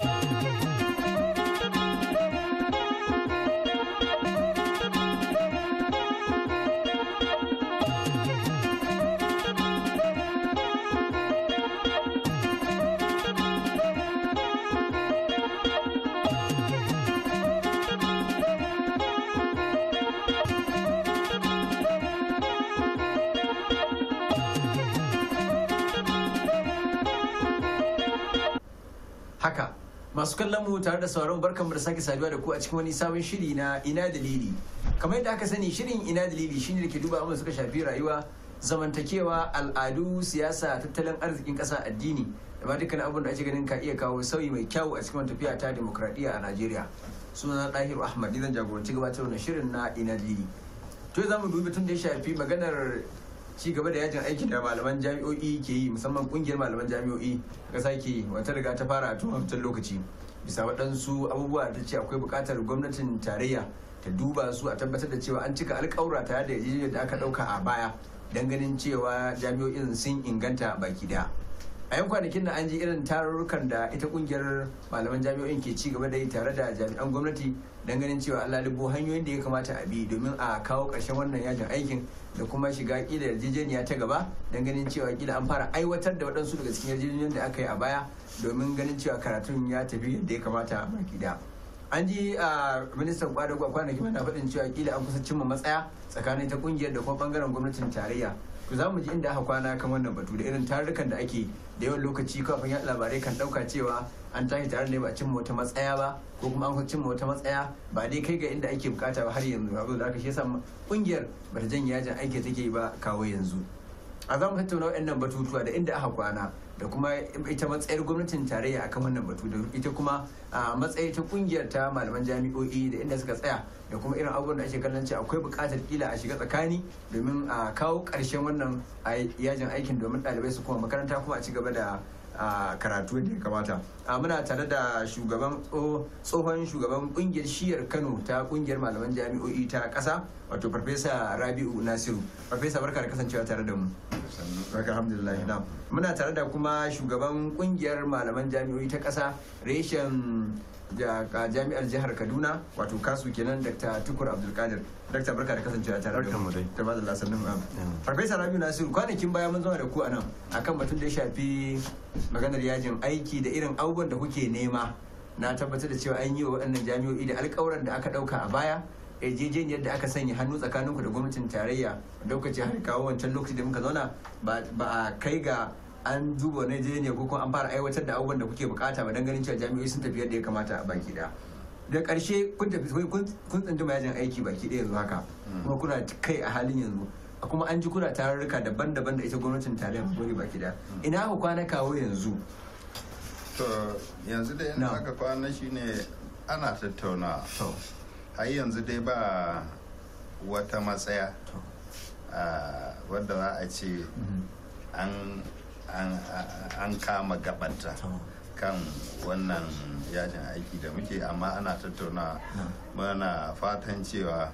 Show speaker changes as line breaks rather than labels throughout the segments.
Bye.
masu kallon mu tare da sauraron barkan da sake saduwa da ku a cikin wani sabon shiri na ina dalili kamar yadda aka sani shirin ina dalili shine da ke duba abin suka shafi rayuwa zamantakewa al'adu siyasa tattalin arzikin kasa addini da ma dukkan abin da ake ganin ka iya kawo sauyi mai kyau a cikin tafiya ta demokradiyya a najeriya na dahiru ahmad zan jagoranci gabatar da shirin na ina dalili to za mu dubi tun da ya shafi maganar ci gaba da yajin aikin da malaman jami'o'i ke yi musamman kungiyar malaman jami'o'i ga sake wata riga ta fara a tun lokaci bisa waɗansu abubuwa da ce akwai buƙatar gwamnatin tarayya ta duba su a tabbatar da cewa an cika alƙawura tare da yarjejeniyar da aka ɗauka a baya don ganin cewa jami'o'in sun inganta baki daya a yan kwanakin da an ji irin tarurrukan da ita ƙungiyar malaman jami'o'in ke ci gaba da yi tare da jami'an gwamnati don ganin cewa Allah libo hanyoyin da ya kamata a bi domin a kawo ƙarshen wannan yajin aikin da kuma shiga kila yarjejeniya ta gaba don ganin cewa kila an fara aiwatar da waɗansu daga cikin yarjejeniyar da aka yi a baya domin ganin cewa karatun ya tafi yadda ya kamata a baki da an ji a ministan kwanaki mana faɗin cewa kila an kusa cimma matsaya tsakanin ta kungiyar da kuma bangaren gwamnatin tarayya ku za mu ji inda aka kwana kan wannan batu da irin tarurrukan da ake da yawan lokaci kafin yaɗa labarai kan ɗauka cewa an tashi tare ne ba a cimma wata matsaya ba ko kuma an cimma wata matsaya ba dai kai ga inda ake bukata ba har yanzu zo da aka shi yasa kungiyar ba ta janye yajin aiki take yi ba kawo yanzu a za mu tattauna waɗannan batutuwa da inda aka kwana da kuma ita matsayar gwamnatin tarayya akan wannan batu da ita kuma a matsayi ta kungiyar ta malaman jami'o'i da inda suka tsaya da kuma irin abubuwan da ake kallon cewa akwai buƙatar kila a shiga tsakani domin a kawo ƙarshen wannan yajin aikin domin ɗalibai su kuma makaranta kuma a ci gaba da a karatu da ya kamata a muna tare da shugaban tsohon shugaban kungiyar shiyar kano ta kungiyar malaman jami'o'i ta kasa wato farfesa rabi'u nasiru farfesa barka da kasancewa tare da mu alhamdulillah na muna tare da kuma shugaban kungiyar malaman jami'o'i ta ƙasa reshen jami'ar jihar kaduna wato kasu kenan dr tukur abdulkadir dr barka da kasancewa tare da mu da ba da lasannin mu farfesa rabiu nasiru kwanakin baya mun zama da ku anan akan batun da ya shafi maganar yajin aiki da irin abubuwan da kuke nema na tabbatar da cewa an yi wa waɗannan jami'o'i da alƙawuran da aka ɗauka a baya yarjejeniyar da aka sanya hannu tsakaninku da gwamnatin tarayya lokaci har kawo wancan lokacin da muka zauna ba a kai ga an duba na je ne ko an fara aiwatar da abubuwan da kuke bukata ba dangane ganin cewa jami'o'i sun tafi yadda ya kamata a baki da. da karshe kun tafi kun tsinci yajin aiki baki ɗaya yanzu haka hmm. kuma kuna kai a halin yanzu kuma an ji kuna tarurruka daban-daban da ita gwamnatin tarayyar gori baki da. Hmm. ina ku kwana kawo yanzu
to yanzu da yanzu aka kwana shi ne ana tattauna har yanzu dai ba wata matsaya ah, wadda za a ce
hmm.
an an kama gabanta kan wannan yajin aiki da muke amma ana tattauna mana fatan cewa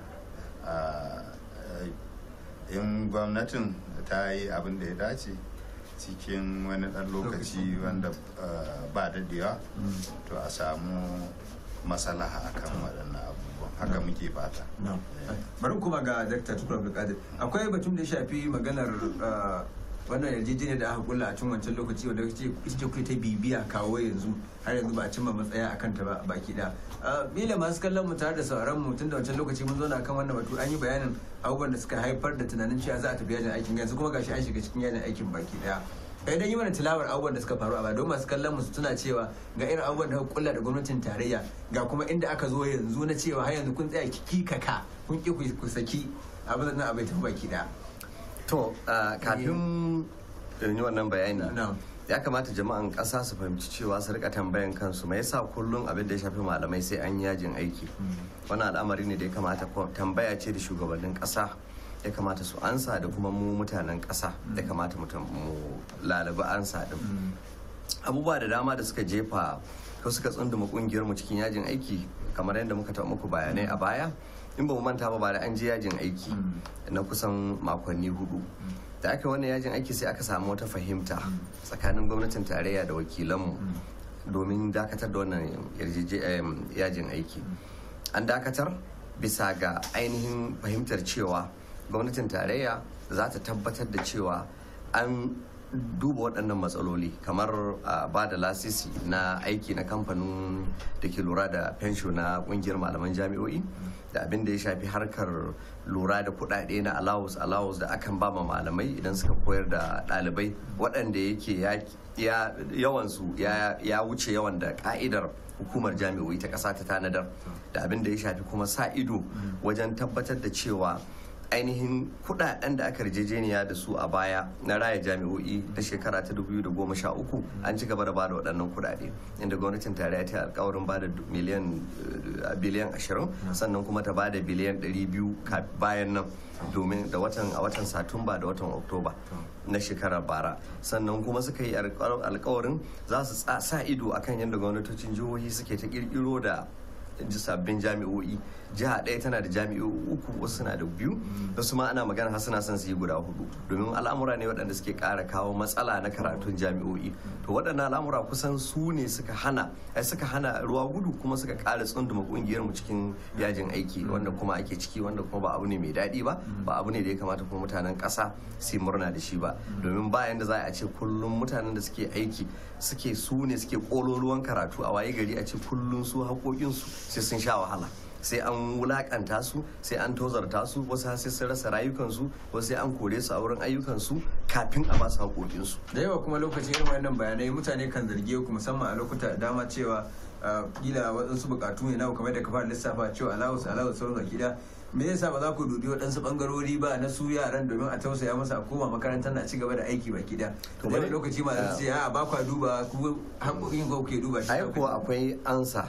in gwamnatin ta yi abin da ya dace cikin wani ɗan lokaci wanda ba daɗewa hmm. to a samu masalaha akan waɗannan abubuwan haka muke fata. Eh. bari kuma ga dr tukur abdulkadir akwai batun da shafi
maganar wannan yarjejeniyar da aka kulla a cikin wancan lokaci wanda kace ita kai ta bibiya kawo yanzu har yanzu ba a cimma matsaya a kanta ba baki da bila ah, masu kallon mu tare da sauran mu tun da wancan lokaci mun zauna kan wannan batu an yi bayanin abubuwan da suka haifar da tunanin cewa za a tafi yajin aikin yanzu kuma gashi an shiga cikin yajin aikin baki daya kai eh, dan yi mana tilawar abubuwan da suka faru a don masu kallon mu suna cewa ga irin abubuwan da aka kulla da gwamnatin tarayya ga kuma inda aka zo yanzu na cewa har yanzu kun tsaya kikikaka kun ki ku saki abin da na abai baki daya
to kafin in yi wannan bayani ya kamata jama'an ƙasa su fahimci cewa su rika tambayan kansu mai yasa kullum abin da ya shafi malamai sai an yajin aiki mm. wannan al'amari ne da ya kamata tambaya ce da shugabannin ƙasa ya kamata su ansa da kuma mu mutanen ƙasa mm. ya kamata mu lalaba ansa din mm. abubuwa da dama da suka jefa ko suka tsunduma kungiyar mu cikin yajin aiki kamar yadda muka taɓa muku bayanai a baya in ba mu manta ba ba da an je yajin aiki mm. na kusan makonni hudu mm. da aka wannan yajin aiki sai aka samu wata fahimta mm. tsakanin gwamnatin tarayya da wakilanmu domin dakatar da wannan yajin aiki an dakatar bisa ga ainihin fahimtar cewa gwamnatin tarayya za ta tabbatar da cewa an duba waɗannan matsaloli kamar ba da lasisi na aiki na kamfanin da ke lura da fensho na ƙungiyar malaman jami'o'i da abin da ya shafi harkar lura da kuɗaɗe na allowance allowance da akan ba ma malamai idan suka koyar da ɗalibai waɗanda yake yawansu ya wuce yawan da ka'idar hukumar jami'o'i ta ƙasa ta tanadar da abin da ya shafi kuma sa ido wajen tabbatar da cewa ainihin kudaden da aka rijejeniya da su a baya na raya jami'o'i da shekara ta 2013 an ci gaba da bada waɗannan kudade inda gwamnatin tarayya ta alkawarin bada miliyan eh, biliyan 20 sannan kuma ta bada biliyan 200 bayan nan domin da watan a watan satumba da watan oktoba na shekarar bara sannan kuma suka yi alkawarin za su sa ido akan yadda gwamnatocin jihohi suke ta kirkiro da sabbin jami'o'i jiha ɗaya tana da jami'o'i uku wasu suna da biyu wasu ma ana magana har suna son su yi guda hudu domin al'amura ne waɗanda suke ƙara kawo matsala na karatun jami'o'i to waɗannan al'amura kusan su ne suka hana ai suka hana ruwa gudu kuma suka ƙara tsunduma ƙungiyar mu cikin yajin aiki wanda kuma ake ciki wanda kuma ba abu ne mai daɗi ba ba abu ne da ya kamata kuma mutanen ƙasa su murna da shi ba domin ba yanda za a ce kullum mutanen da suke aiki suke su ne suke ƙololuwan karatu a waye gari a ce kullum su haƙoƙinsu sai sun sha wahala sai an wulaƙanta su sai an tozarta su wasu sai sun rasa rayukansu wasu sai an kore su a wurin ayyukansu kafin a basu haƙoƙinsu da yawa kuma lokacin irin wannan bayanai mutane kan zarge
ku musamman a lokuta dama cewa kila ah, waɗansu buƙatu ne na kamar da kafar lissafa cewa alawus alawus sauran gida me yasa ba za ku dubi waɗansu bangarori ba na su yaran domin a tausaya masa a koma makarantar na cigaba da aiki ba da to wani lokaci ma zai ce a ba ku duba ku
hakokin ko ke duba shi ko akwai ansa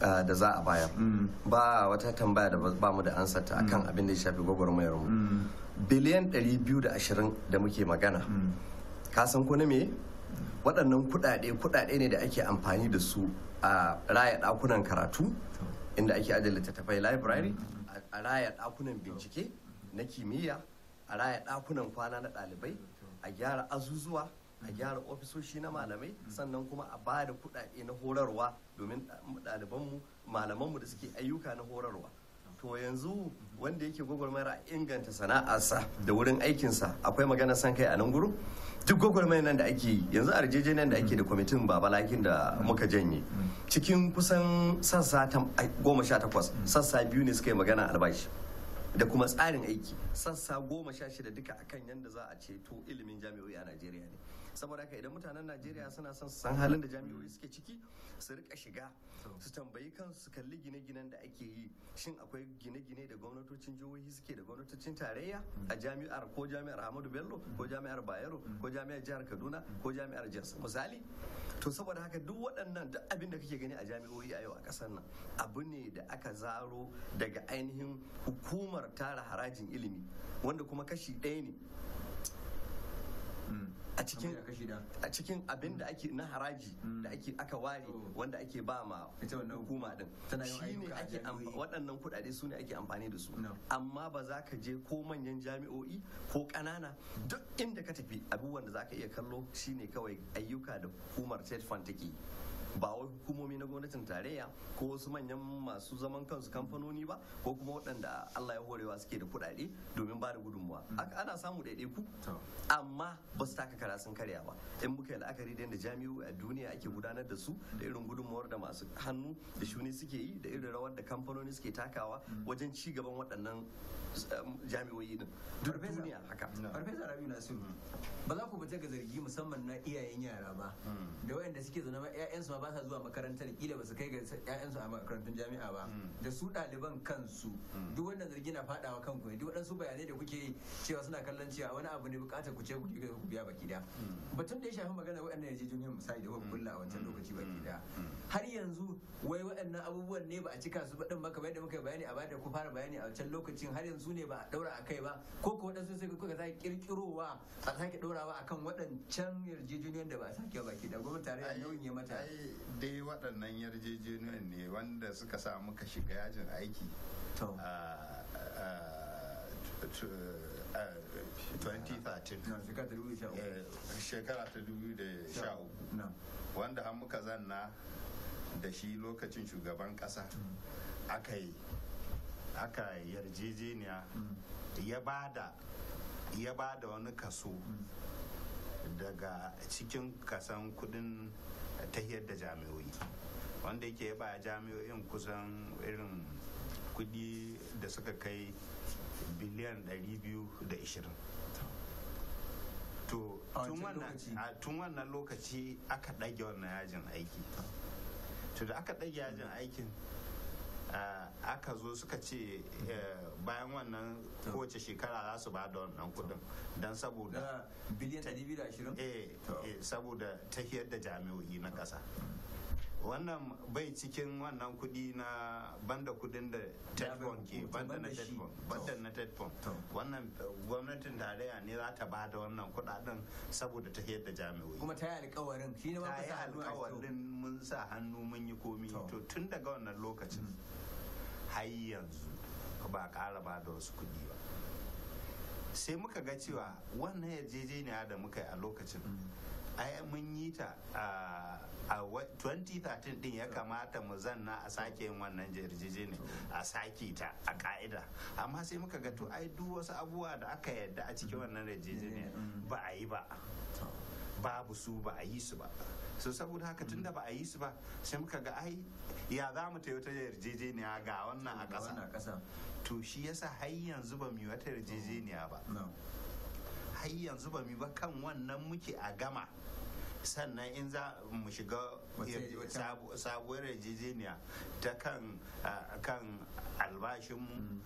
ah, da za a bayar mm. ba wata tambaya da ba mu da ansa ta akan mm. abin da ya shafi gwagwarmayar mu mm. biliyan 220 da muke magana ka san ko na me waɗannan kuɗaɗe kuɗaɗe ne da ake amfani da su a raya ɗakunan karatu inda ake ajiye littattafai library a raya dakunan bincike na kimiyya a raya dakunan kwana na dalibai a gyara azuzuwa a gyara ofisoshi na malamai sannan kuma a bada da kuɗaɗe na horarwa domin ɗalibanmu malamanmu da suke ayyuka na horarwa to yanzu wanda yake gwagwarmayar a inganta sana'arsa da wurin aikinsa akwai magana san kai a nan gurin duk gwagwarmayar nan da ake yanzu a nan da ake da kwamitin babalakin da muka janye cikin kusan sassa goma sha takwas sassa biyu ne suka yi magana albashi da kuma tsarin aiki sassa goma sha shida duka akan yadda za a ceto ilimin jami'o'i a najeriya ne saboda haka idan mutanen najeriya suna son san halin da jami'o'i suke ciki su rika shiga su tambayi kansu su kalli gine-ginen da ake yi shin akwai gine-gine da gwamnatocin jihohi suke da gwamnatocin tarayya a jami'ar ko jami'ar ahmadu bello ko jami'ar bayero ko jami'ar jihar kaduna ko jami'ar jos misali to saboda haka duk waɗannan duk abin da kake gani a jami'o'i a yau a ƙasar nan abu ne da aka zaro daga ainihin hukumar tara harajin ilimi wanda kuma kashi ɗaya ne hmm. a cikin a abin da ake na haraji mm. da ake aka ware oh. wanda ake ba ma hukuma din ne ake waɗannan kuɗaɗe su ne ake amfani da su amma ba za ka je ko manyan jami'o'i ko ƙanana duk inda ka tafi abubuwan da za ka iya kallo shi ne kawai ayyuka da hukumar state fund take ba wai hukumomi na gwamnatin tarayya ko wasu manyan masu zaman kansu kamfanoni ba ko kuma waɗanda Allah ya horewa suke da kuɗaɗe domin ba da gudunmuwa ana samu ɗaiɗaiku amma ba su taka kara karya ba in muka yi la'akari da yadda jami'o'i a duniya ake gudanar da su da irin gudunmuwar da masu hannu da shuni suke yi da irin rawar da kamfanoni suke takawa mm. wajen ci gaban waɗannan jami'oyi din duk duniya haka
farfesa rabi nasu ba za ku fita ga zargi musamman na iyayen yara ba hmm. da wayanda suke zama ƴaƴansu ma ba sa zuwa makarantar kila ba su kai ga ƴaƴansu a makarantun jami'a ba hmm. da su ɗaliban kansu hmm. duk wannan zargi na faɗawa kanku ne duk waɗansu bayanai da kuke cewa suna kallon cewa wani abu ne bukatar ku ce ku ku biya baki daya batun da ya shafi magana waɗannan yarjejeniyar misali da kuka kulla a wancan lokaci baki daya har yanzu wai waɗannan abubuwan ne ba a cika su ba din maka kamar da muka bayani a bada da ku fara bayani a wancan lokacin har yanzu su ne ba a daura a kai ba ko ko wadansu sai kuka sake kirkirowa a sake daurawa akan waɗancan yarjejeniyar da ba a sake baki da gwamnati tare da nauyin ya
mata ai dai waɗannan yarjejeniyar ne wanda suka sa muka shiga yajin aiki 2013 ah, ah, ah, shekara ta 2013 eh, wanda an muka zanna da shi lokacin shugaban kasa mm. aka yi aka yarjejeniya ya da ya da wani kaso daga cikin kasan kudin tahiyar da jami'oi wanda yake ba jami'o'in kusan irin kudi da suka kai biliyan 220 to tun wannan lokaci aka ɗage wannan yajin aiki to da aka ɗage yajin aikin Ah, aka zo suka ce eh, bayan wannan kowace shekara za su ba da wannan kudin don saboda biliyan 220 eh, eh saboda tahiyar da jami'o'i na ƙasa wannan bai cikin wannan kudi na banda kudin da tetfon ke banda na tetfon na wannan eh, gwamnatin tarayya ne za ta bada wannan kudaden saboda ta da jami'o'i kuma ta yi alkawarin shi ne ma ta yi alkawarin mun sa hannu mun yi komi to tun daga wannan lokacin mm. har yanzu ba ƙara ba da wasu kudi ba sai muka ga cewa wannan yarjejeniya da muka yi a lokacin mm. ai mun yi ta a 2013 din ya kamata mu zanna a sake yin wannan jirgije ne a sake ta a ka'ida amma sai muka ga to ai duk wasu abubuwa da aka yadda a cikin wannan yarjejeniya ba a yi ba babu su ba a yi su ba so saboda haka tun da ba a yi su ba sai muka ga ai ya za mu ta wata yarjejeniya ga wannan a ƙasa to shi yasa har yanzu ba mu yi wata yarjejeniya ba har yanzu ba mu ba kan wannan muke a gama sannan in za mu shiga sabuwar yarjejeniya ta kan albashin mm.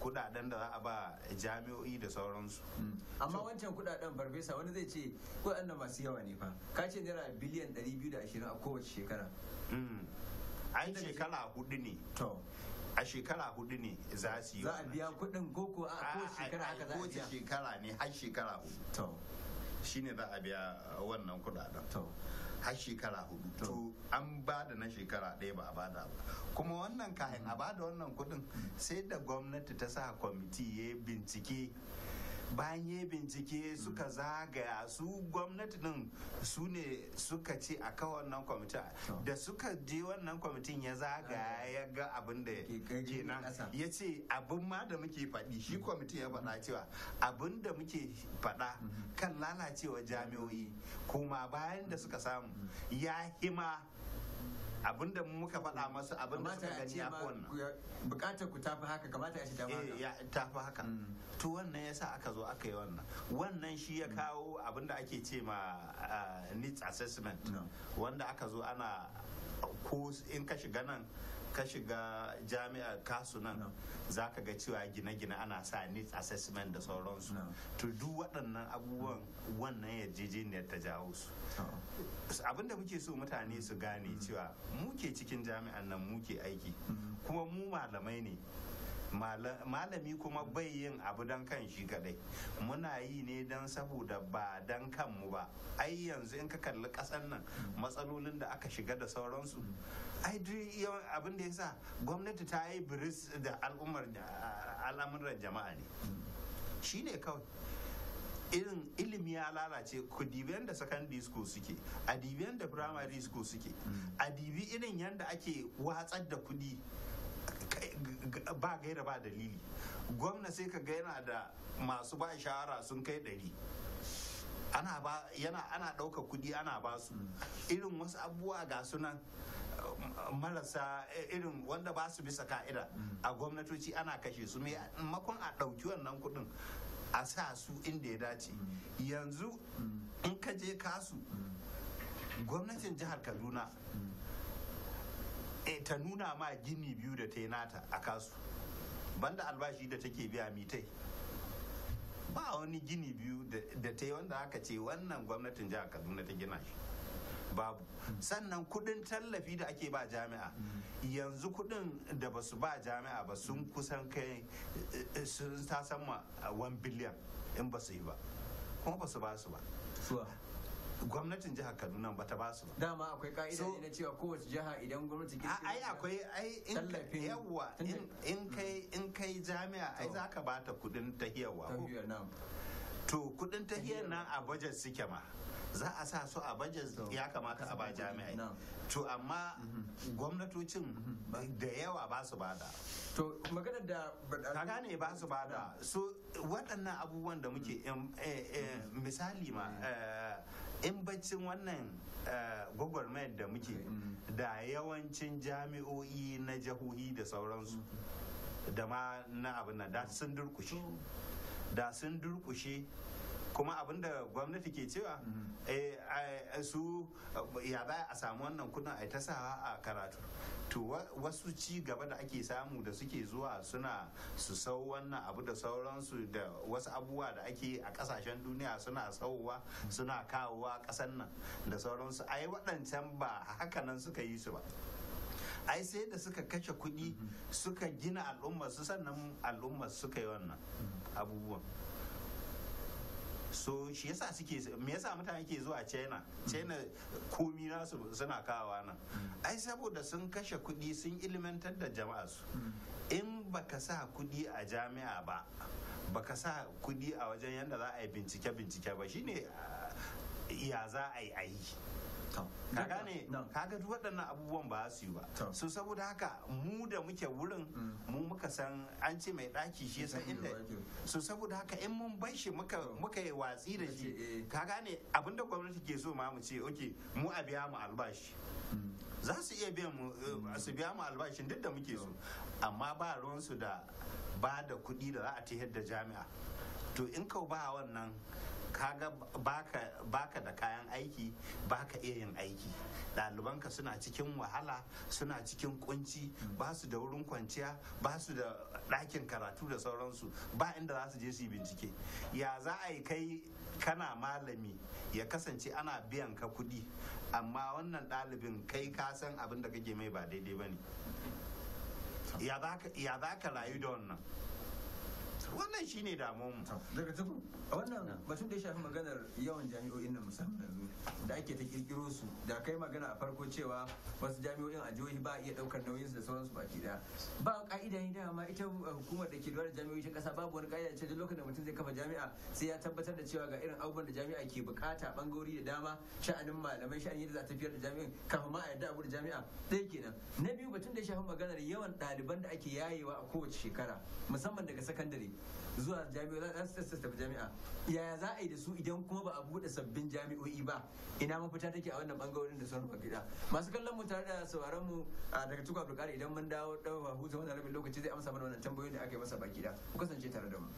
kudaden da za a ba jami'o'i da sauransu
mm.
amma wancan kudaden farfesa wani zai ce kudaden da masu yawa ne fa ka ce naira biliyan 220
a kowace shekara mm. ai shekara hudu ne a shekara hudu ne za su yi za a biya kuɗin koko a ko shekara haka za a biya shekara ne har shekara hudu shine za a biya uh, wannan kudaden har shekara hudu to an ba da na shekara ɗaya ba a bada ba kuma wannan kayan a bada wannan kudin sai da gwamnati ta sa kwamiti ya bincike bayan ya bincike suka hmm. zagaya su gwamnati din su ne suka ce a kan wannan kwamitin da suka je wannan kwamitin ya zagaya ya ga abin da nan. ya ce abin ma da muke faɗi shi hmm. kwamitin ya faɗa hmm. cewa abin da muke faɗa kan lalacewa jami'o'i kuma bayan da suka samu ya hima abinda muka faɗa masu da suka gani ya wannan bukatar ku tafi haka kamata ya ce tafi eh, ya tafi haka mm. to wannan yasa aka zo aka yi wannan wannan shi ya mm. kawo abinda ake ce ma ah, needs assessment wanda aka zo ana ko in ka shiga nan ka shiga jami'ar nan, za ka ga cewa gine-gine ana sa needs assessment da sauransu to duk waɗannan abubuwan wannan yarjejeniyar ta jawo su uh-uh. abinda muke so mutane su gane mm-hmm. cewa muke cikin jami'an nan muke aiki mm-hmm. kuma mu malamai ne malami kuma bai yin abu don kan shi kadai muna yi ne don saboda ba don kanmu ba ai yanzu in ka kalli kasan nan matsalolin da aka shiga da sauransu ai abin da ya sa gwamnati ta yi biris da al'amuran jama'a ne shi ne kawai irin ilimi ya lalace ku dibiyan da secondary school suke a dibiyan da primary school suke a dibi irin yadda ake watsar da kudi ba gaira ba dalili gwamna sai ka ga yana da masu ba shahara sun kai ɗari ana ba yana ana ɗauka kuɗi ana ba su irin wasu abubuwa ga sunan um, marasa eh, irin wanda ba su bisa ka'ida a gwamnatoci ana kashe su mai makon a ɗauki wannan kuɗin a sa su inda ya dace yanzu in ka je kasu gwamnatin jihar kaduna e ta nuna ma gini biyu da ta yi nata a kasu banda albashi da take biya mitai ba wani gini biyu da ta yi wanda aka ce wannan gwamnatin jihar kaduna ta gina shi babu sannan kudin tallafi da ake ba jami'a yanzu kudin da ba su ba jami'a ba sun kusan kai eh, eh, sun ta sama 1 biliyan in ba su yi ba kuma ba su ba su ba gwamnatin jihar kaduna ba ta ba su ba dama akwai ka'ida ne
na cewa kowace jiha idan gwamnati ke ai
akwai ai in kai yawa in kai in kai jami'a ai za ka ba ta kudin tahiyarwa to kudin tahiyar nan a budget suke ma za a sa su a bajin ya kamata a ba jami'ai to amma mhm. gwamnatocin mhm. da yawa ba su bada to maganar da ka gane ba su bada so waɗannan abubuwan da muke eh, eh, mhm. misali ma eh, in baccin wannan gwagwarmayar da muke da yawancin jami'o'i na jahohi da sauransu da ma na abin da sun durkushe da sun durkushe kuma abin da gwamnati ke cewa mhm. eh, eh, su eh, ya za a samu wannan kudin a ta sawa a karatu to wasu ci gaba da ake samu da suke zuwa suna su sau wannan abu da sauransu da wasu abubuwa da ake a kasashen duniya suna sauwa suna kawowa kasan nan da sauransu ai waɗancan ba hakanan suka yi su ba ai sai da suka kashe kuɗi mhm. suka gina al'ummar su sannan al'ummar suka yi wannan mhm. abubuwan so shi yasa suke me yasa mutane ke zuwa china china komi nasu suna kawa nan ai saboda sun kashe kudi sun ilimantar da jama'a su in baka sa kudi a jami'a ba baka sa kudi a wajen yadda za a yi bincike bincike ba shine ah, ya za a a yi ne kaga duk waɗannan abubuwan ba su yi ba so saboda haka mu da muke wurin mm. mu muka san an ce mai ɗaki shi yasa inda so saboda haka in mun bar shi muka yi watsi da shi kaga eh. ne abinda gwamnati ke so ma mu ce ok mu a biya mu albashi mm. za su iya biyan mu eh, mm. su biya mu albashin duk da muke so amma ba ruwan su da ba da kuɗi da za a tafiyar da jami'a to in ka ba wannan kaga baka baka da kayan aiki baka iya yin aiki ɗalibanka suna cikin wahala suna cikin kunci ba su da wurin kwanciya ba su da ɗakin karatu da sauransu ba inda za su je su yi bincike ya za a yi kai kana malami ya kasance ana biyan ka kuɗi amma wannan ɗalibin kai ka san abin da kake mai ba daidai ba ne ya za ka rayu da wannan wannan shi shine damuwan daga a wannan
batun da ya shafi maganar yawan jami'o'in nan musamman yanzu da ake ta kirkiro su da kai magana a farko cewa wasu jami'o'in a jihohi ba a iya daukar nauyin su da sauransu baki daya ba ka'ida ne dama ita uh, hukumar da ke lura da jami'o'i ta kasa babu wani ka'ida ce duk lokacin da mutum zai kafa jami'a sai ya tabbatar da cewa ga irin abubuwan da jami'a ke bukata bangarori da dama sha'anin malamai sha'anin yadda za a tafiyar da jami'in kafin ma a yarda abu da jami'a ɗaya kenan na biyu batun da ya shafi maganar yawan ɗaliban da ake yayewa a kowace shekara musamman daga sakandare zuwa jami'a za su jami'a yaya za a yi da su idan kuma ba a buɗe sabbin jami'o'i ba ina mafita take a wannan bangarorin da suka gida masu kallon mu tare da sauraron mu daga tuka abdulkari idan mun dawo dawo hutu wannan rabin lokaci zai amsa mana wannan tambayoyin da aka yi masa baki da ku kasance tare da mu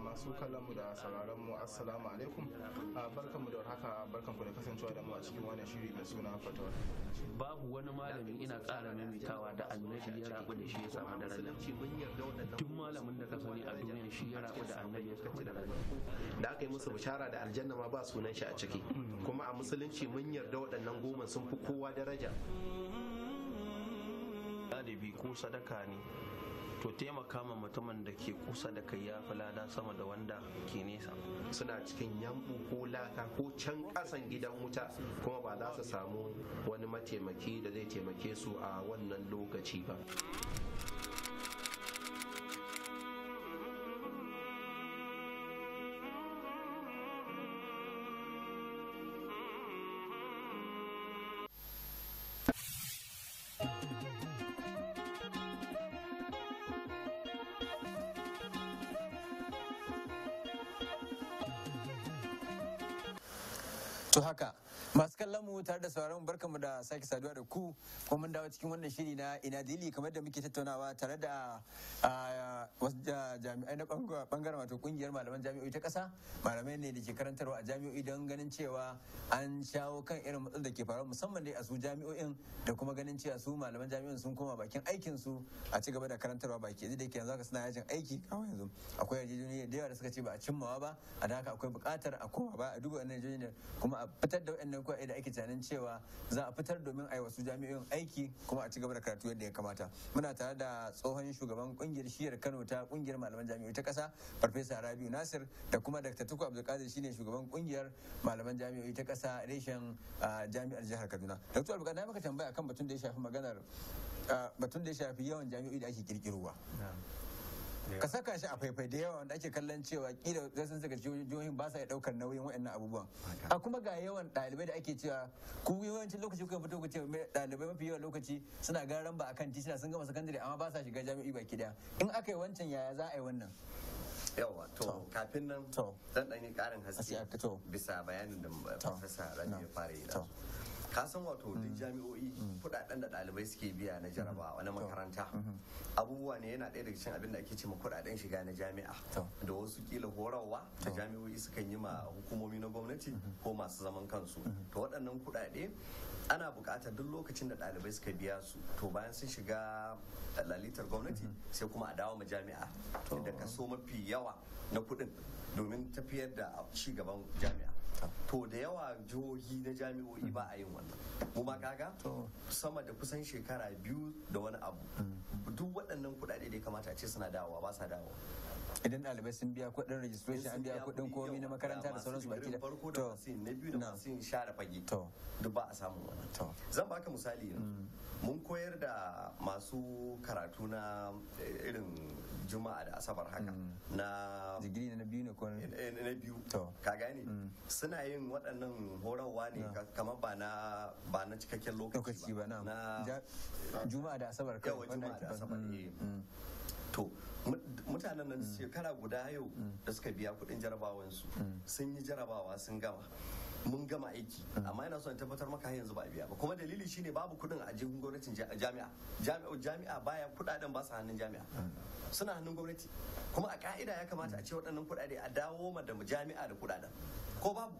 masu
kallon mu da sauraron mu assalamu alaikum barkanmu da haka barkanku da kasancewa da mu a cikin wannan shiri mai suna fatawa babu wani malami ina ƙara maimaitawa da annabi ya rabu da shi ya samu daraja duk malamin da ka sani a duniya shi ya rabu da annabi ya samu daraja da aka yi musu bishara da aljanna ma ba sunan shi a ciki kuma a musulunci mun yarda waɗannan goma sun fi kowa daraja ɗalibi ko sadaka ne to taimaka ma mutumin da ke kusa da kai ya fi lada sama da wanda ke nesa suna cikin yambu ko laka ko can kasan gidan wuta kuma ba za su samu wani mataimaki da zai taimake su a wannan lokaci ba
to haka masu kallon mu tare da sauran barkanmu da sake saduwa da ku kuma mun dawo cikin wannan shiri na ina dili kamar da muke tattaunawa tare da wasu jami'ai na bangaren wato kungiyar malaman jami'o'i ta kasa malamai ne da ke karantarwa a jami'o'i don ganin cewa an shawo kan irin matsalar da ke faruwa musamman dai a su jami'o'in da kuma ganin cewa su malaman jami'o'in sun koma bakin aikin su a ci gaba da karantarwa baki yanzu da ke yanzu haka suna yajin aiki kawai yanzu akwai yarjejeniya da yawa da suka ce ba a cimmawa ba a da haka akwai bukatar a koma ba a duba wannan yarjejeniyar kuma a fitar da waɗannan kuwa da ake tunanin cewa za a fitar domin a yi wasu jami'o'in aiki kuma a ci gaba da karatu yadda ya kamata muna tare da tsohon shugaban kungiyar shiyar kano ta kungiyar malaman jami'o'i ta ƙasa farfesa rabiu nasir da kuma dr tuku abdulkadir shine shugaban kungiyar malaman jami'o'i ta ƙasa reshen jami'ar jihar kaduna dr abdulkadir na maka tambaya kan batun da ya shafi maganar batun da ya shafi yawan jami'o'i da ake kirkirowa ka saka shi a faifai da yawa wanda ake kallon cewa kila san saka jihohin ba sa yi daukar nauyin waɗannan abubuwan a kuma ga yawan ɗalibai da ake cewa ku yawancin lokaci kuka fito ku ce ɗalibai mafi yawan lokaci suna garan ba akan titina sun gama sakandare amma ba sa shiga jami'i baki daya in aka yi wancan yaya za a yi wannan
yawa to kafin nan zan ɗan yi ƙarin haske bisa bayanin da profesa rabi ya fara yi ka san wato duk mm. jami'o'i mm. kudaden da ɗalibai suke biya na jarabawa wani mm. makaranta mm-hmm. abubuwa ne yana ɗaya daga cikin abin da ake ce ma kudaden shiga na jami'a da wasu kila horarwa ta jami'o'i sukan yi ma hukumomi na gwamnati mm-hmm. ko masu zaman kansu mm-hmm. to waɗannan kudade ana bukata duk lokacin da ɗalibai suka biya su to bayan sun shiga lalitar gwamnati sai kuma a dawo ma jami'a Inda kaso mafi yawa na kuɗin domin tafiyar da ci gaban jami'a to da yawa jihohi na jami'o'i ba a yin wannan mu ma kaga sama da kusan shekara biyu da wani abu mm. duk waɗannan kuɗaɗe da ya kamata a ce suna dawowa ba sa dawowa idan ɗalibai sun biya kuɗin registration an biya kuɗin komi na makaranta da sauransu baki da farko da masin, na biyu da masu share fage duk ba a samu wannan zan baka misali mm. mun koyar da masu karatu na eh, irin juma'a da asabar haka mm. na digiri na biyu ne ko na eh, eh, biyu ka gane suna yin waɗannan horarwa ne kamar ba na ba na cikakken lokaci ba na juma'a da asabar kai yawa juma'a da asabar eh. mm, mm. to mutanen nan mm. shekara guda yau da suka biya kuɗin jarabawansu sun yi jarabawa sun gama mun gama aiki amma yana son tabbatar maka har yanzu ba biya ba kuma dalili shine babu kudin a jin gwamnatin jami'a jami'a jami'a baya kudaden ba su hannun jami'a suna hannun gwamnati kuma a ka'ida ya kamata a ce waɗannan kudade a dawo ma da jami'a da kudaden ko babu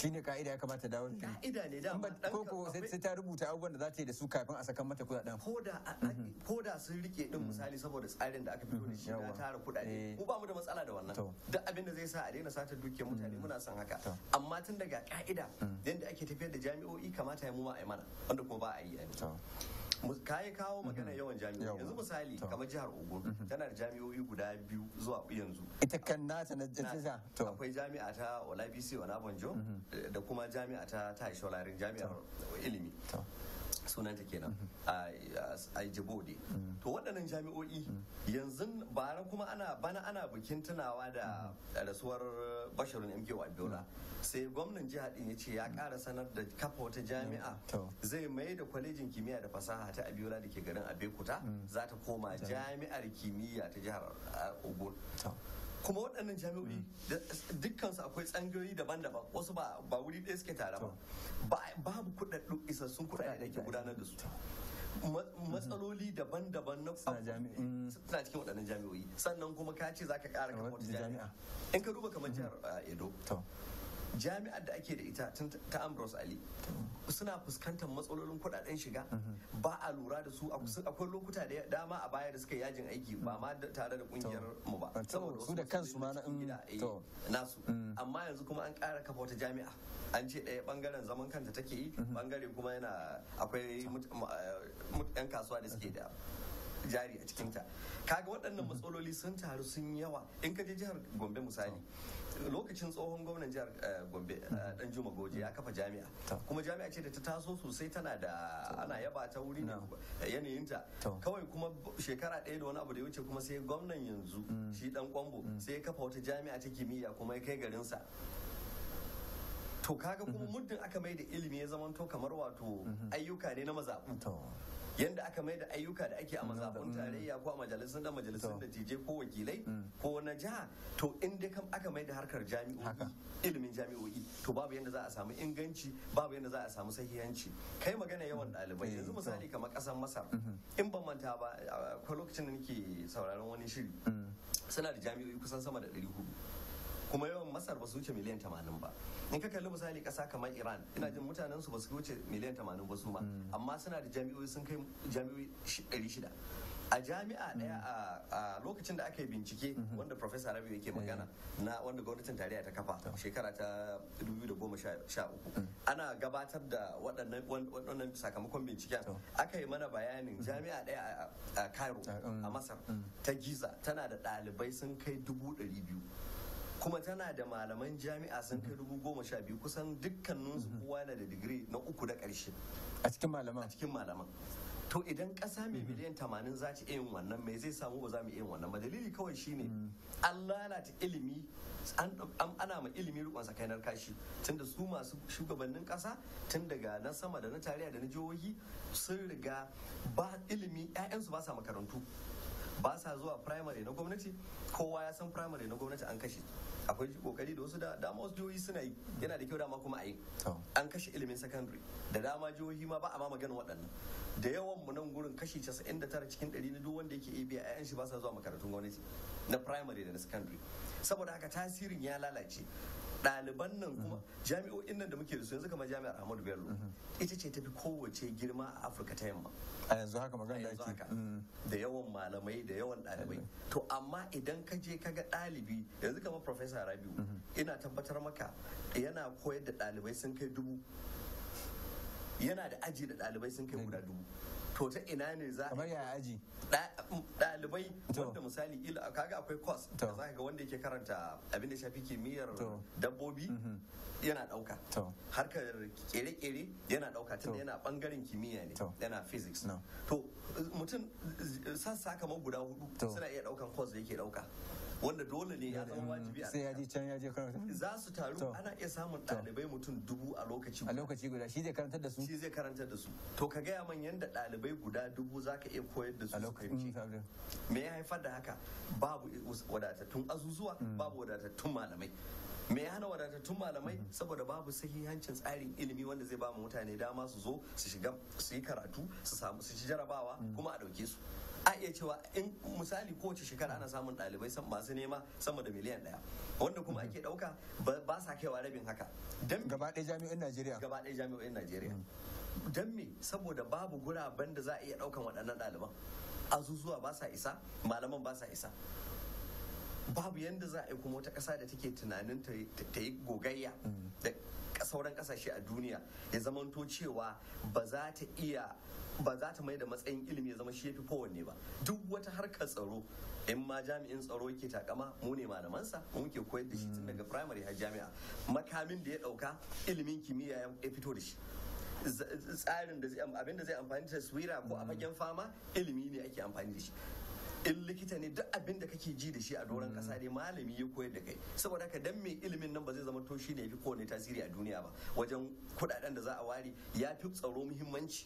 shi ne ka'ida ya kamata dawo
da ka'ida ne da ko ko sai ta rubuta abubuwan da za ta yi da su kafin a sakan mata kudaden mhm.
ko da sun rike din mhm. misali saboda tsarin da aka fito da mhm. shi na tara kudade eh. mu ba mu da matsala da wannan duk abin da zai sa a daina satar dukiyar mutane mm. muna son haka amma tun daga ka'ida mm. yadda ake tafiyar da jami'o'i kamata ya mu ma'aimana a mana wanda kuma ba a yi ka yi kawo magana mm-hmm. yawan jami'o'i yanzu misali kamar jihar ogun mm-hmm. tana da jami'o'i guda biyu zuwa yanzu ita kan
nata na jiha
to akwai jami'a ta olabisi mm-hmm. da kuma jami'a ta taisholarin jami'ar ilimi sunanta kenan a jibodi to waɗannan jami'o'i yanzu bara kuma ana bana ana bikin tunawa da rasuwar basharun mk wabiola sai gwamnan jiha din ya ce ya ƙara sanar da kafa wata jami'a zai mai da kwalejin kimiyya da fasaha ta abiola da ke garin abekuta mm. za ta koma jami'ar kimiyya ta jihar uh, ogun kuma waɗannan jami'o'i mm. dukkansu akwai tsangiyoyi daban-daban wasu ba wuri ɗaya suke tare ba babu kuɗaɗɗu isassun kuɗaɗe da ke gudanar da su matsaloli daban-daban na mm. suna cikin waɗannan jami'o'i sannan kuma ka ce za ka ƙara kamar jami'a in ka duba kamar mm. jihar uh, edo jami'ar da ake da ita ta ambrose ali suna fuskantar matsalolin kudaden shiga ba a lura da su akwai lokuta da dama a baya da suka yajin aiki ba ma tare da kungiyar mu ba saboda su da kansu ma na eh, nasu mm. amma yanzu kuma an ƙara kafa wata jami'a an ce ɗaya bangaren zaman kanta take yi bangare mm-hmm. kuma yana akwai yan kasuwa da suke da jari a cikinta kaga waɗannan mm-hmm. matsaloli sun taru sun yawa in ka je jihar gombe misali lokacin tsohon gwamnan jihar eh, gombe eh, dan juma goje ya kafa jami'a kuma jami'a ce da ta taso sosai tana da ana yaba ta wuri yanayinta kawai kuma shekara ɗaya da wani abu da ya wuce kuma sai gwamnan yanzu mm. shi dan kwambo mm. sai ya kafa wata jami'a ta kimiyya kuma ya kai garinsa to kaga kuma mm-hmm. muddin aka mai da ilimi ya zamanto kamar wato mm-hmm. ayyuka ne na mazaɓu yanda aka mai da ayyuka da ake a mm. mazaɓun mm. tarayya ko a majalisun da majalisun da jije ko wakilai mm. ko na jiha to in dai aka mai da harkar jami'o'i ilimin jami'o'i to babu yanda za a samu inganci babu yanda za a samu sahihanci kai magana yawan ɗalibai eh, yanzu misali kamar ƙasar masar mm-hmm. in ban manta ba ko lokacin da nake sauraron wani shiri suna da jami'o'i kusan sama da ɗari hudu kuma yawan masar ba su wuce miliyan 80 ba in ka kalli misali kasa kamar iran ina jin mutanen su ba su wuce miliyan 80 ba su ma mm. amma suna da jami'o'i sun kai jami'o'i 600 a jami'a daya mm. a lokacin da aka yi bincike mm-hmm. wanda professor rabi yake magana eh. na wanda gwamnatin tarayya ta kafa shekara ta 2013 mm. ana gabatar da waɗannan sakamakon binciken aka yi mana bayanin mm-hmm. jami'a daya a cairo a masar ta giza tana da ɗalibai sun kai dubu ɗari biyu kuma tana da malaman jami'a sun kai dubu goma sha biyu kusan dukkaninsu mhm. kowa na da digiri na uku da ƙarshe a cikin malaman a cikin malaman to idan ƙasa mai mhm. miliyan tamanin za ta yin wannan mai zai samu ba za mu yin wannan ba dalili kawai shine mhm. an lalata ilimi ana ma ilimi rikon sakainar kashi tunda su masu shugabannin ƙasa tun daga na sama da na tarayya da na jihohi sun riga ba ilimi 'ya'yansu ba sa makarantu ba sa zuwa primary na gwamnati kowa ya san primary na gwamnati an kashe akwai kokari da wasu da dama wasu jihohi suna yi yana da kyau dama kuma a yi an kashe ilimin secondary da dama jihohi ma ba a ma magana waɗannan da yawan mu nan gurin kashi 99 cikin 100 na duk wanda yake ABA ayan shi ba sa zuwa makarantun gwamnati na primary da na secondary saboda haka tasirin ya lalace ɗaliban nan kuma jami'o'in nan da muke da su yanzu kamar jami'ar Ahmadu Bello ita ce ta fi kowace girma a Afirka ta yamma a yanzu haka magana da ake da yawan malamai da yawan ɗalibai to amma idan ka je ka ga ɗalibi yanzu kamar Professor Rabiu ina tabbatar maka yana koyar da ɗalibai sun kai dubu yana da aji da ɗalibai sun kai guda dubu to ta ina ne za kamar ya aji ɗalibai wanda misali ila kaga akwai kwas, da za ga wanda yake karanta abin da shafi kimiyyar dabbobi mm-hmm. yana ɗauka harkar kere-kere yana ɗauka tunda yana ɓangaren kimiyya ne yana physics to mutum sassa kamar guda hudu suna iya ɗaukan kwas da yake ɗauka wanda dole ne ya zama wajibi sai ya je can ya je karanta za su taru ana iya samun ɗalibai mutum dubu a lokaci a lokaci guda shi zai karantar da su shi zai karantar da su to ka gaya man yanda ɗalibai guda dubu za ka iya koyar da su a lokaci mm, me ya haifar da haka babu wadatattun azuzuwa mm. babu wadatattun malamai me ya hana wadatattun malamai saboda babu sahihancin tsarin ilimi wanda zai ba mu mutane dama su zo su shiga su yi karatu su samu su jarabawa kuma a dauke su a iya cewa in misali kowace shekara ana samun dalibai masu nema sama da miliyan ɗaya wanda kuma ake ɗauka ba sa kaiwa rabin haka gaba ɗaya jami'in najeriya gaba ɗaya jami'in najeriya don me saboda babu guraben da za a iya ɗaukan waɗannan ɗaliban azuzuwa ba sa isa malaman ba sa isa babu yadda za a yi kuma wata ƙasa da take tunanin ta yi gogayya mm. da sauran ƙasashe a duniya ya zamanto cewa ba za ta iya ba za ta mai da matsayin ilimi ya zama shi ya fi kowanne ba duk wata harkar tsaro in ma jami'in tsaro ke takama mu ne malamansa mu ke koyar da shi tun daga firamare mm. har jami'a makamin da ya ɗauka ilimin kimiyya ya fito da shi tsarin da zai abin da zai amfani da taswira ko a mm. fagen fama ilimi ne ake amfani da shi in likita ne duk abin da kake ji da shi a doron kasa ne malami ya koyar da kai saboda haka dan mai ilimin nan ba zai zama toshi ne ya yafi kowane tasiri a duniya ba wajen kudaden da za a ware ya fi tsaro muhimmanci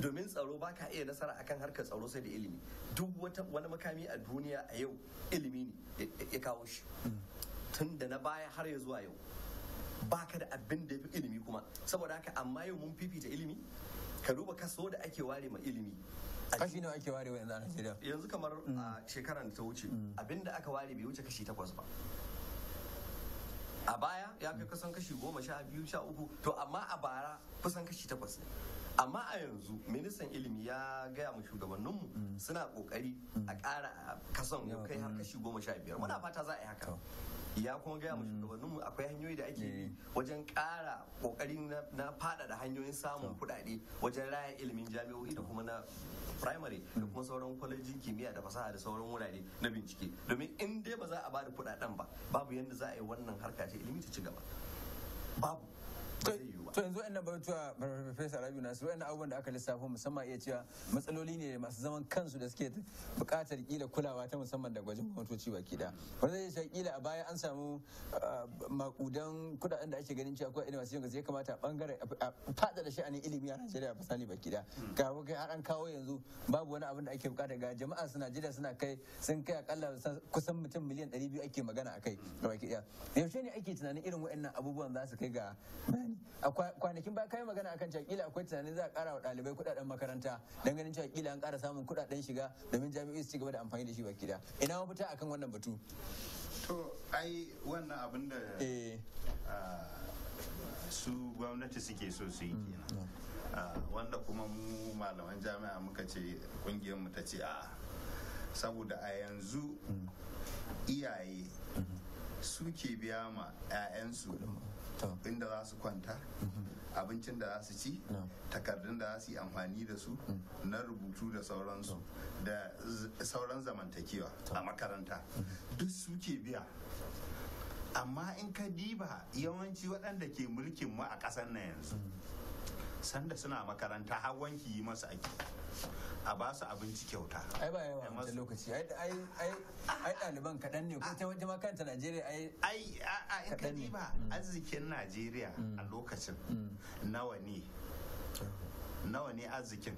domin tsaro ba ka iya nasara akan harkar tsaro sai da ilimi duk wani makami a duniya a yau ilimi ne ya kawo shi tun da na baya har ya zuwa yau ba ka da abin da ya fi ilimi kuma saboda haka amma yau mun fifita ilimi ka duba kaso da ake ware ma ilimi kashi nawa ake ware yanzu a Najeriya yanzu kamar mm. a shekarar da ta wuce mm. abinda aka ware bai wuce kashi takwas ba a baya ya kai kusan kashi goma sha biyu sha uku to amma a bara kusan kashi takwas ne amma a yanzu ministan ilimi ya gaya mu shugabanninmu mm. suna kokari a kara mm. kasan ya kai har kashi goma sha biyar muna mm. fata za a yi haka ya kuma gaya mu shugabanninmu akwai hanyoyi da ake bi eh. wajen kara kokari na faɗaɗa hanyoyin samun kudade wajen raya ilimin jami'o'i da kuma na primary da kuma sauran kwalejin kimiyya da fasaha da sauran wurare na bincike domin in dai ba za a da kudaden ba babu yadda za a yi wannan harka ta ilimi ta ci gaba babu ba zai yiwu ba to yanzu ina
barutuwa farfesa rabi su wa'annan abubuwan da aka lissafo musamman iya cewa matsaloli ne masu zaman kansu da suke buƙatar kila kulawa ta musamman da gwajin motoci baki da Wani zai kila a baya an samu ah, makudan kudaden da ake ganin cewa ko ina masu ya kamata a bangare a faɗaɗa da sha'anin ilimi a Najeriya fasali baki da ga kai har an kawo yanzu babu wani abin da ake buƙata ga jama'a su Najeriya suna kai sun kai akalla kusan mutum miliyan ɗari biyu ake magana akai baki yaushe ne ake tunanin irin wa'annan abubuwan za su kai ga bayani kwanakin ba kai magana akan cewa kila akwai tunanin za a kara wa ɗalibai kuɗaɗen makaranta dan ganin cewa kila an kara samun kuɗaɗen shiga domin jami'o'i su ci gaba da amfani da shi baki da ina mafita akan wannan batu
to ai wannan abin da eh. ah, su gwamnati suke so su yi mm, kenan ah, wanda kuma mu malaman jami'a muka ce kungiyar mu ta ce a saboda a yanzu mm. iyaye mm-hmm. suke biya ma 'ya'yansu inda za su kwanta mm-hmm. abincin da za su ci takardun da za su yi amfani da su mm. na rubutu da sauransu da sauran zamantakewa a makaranta mm-hmm. duk su ke biya amma in ka diba yawanci waɗanda ke mulkin mu a ƙasar na yanzu mm. sanda suna makaranta har wanki yi masa ake a ba su abinci kyauta
ai ba yawa wancan
lokaci ai ai ai ɗaliban kaɗan ne ko ta wajen makaranta najeriya ai ai a kaɗan ba mm. arzikin najeriya mm. a lokacin mm. nawa ne nawa ne arzikin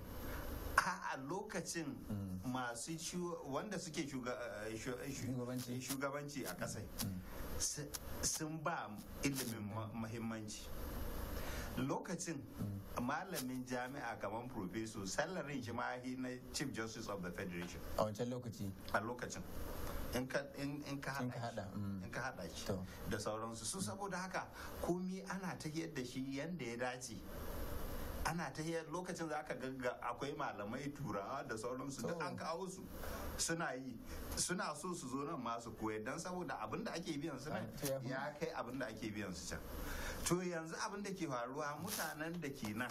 a lokacin masu wanda suke eh, eh, shugabanci a kasai sun ba ilimin mahimmanci lokacin malamin jami'a kamar professor salarin shi na chief justice of the federation a wancan lokaci a lokacin in ka hada in shi da sauransu su saboda haka komi ana ta yadda shi yadda ya dace ana ta lokacin za ka ganga akwai malamai turawa da sauransu duk an kawo su suna yi suna so su zo nan masu koya don saboda abin da ake biyan su nan ya kai abin da ake biyan su can to yanzu abin da ke faruwa mutanen da ke nan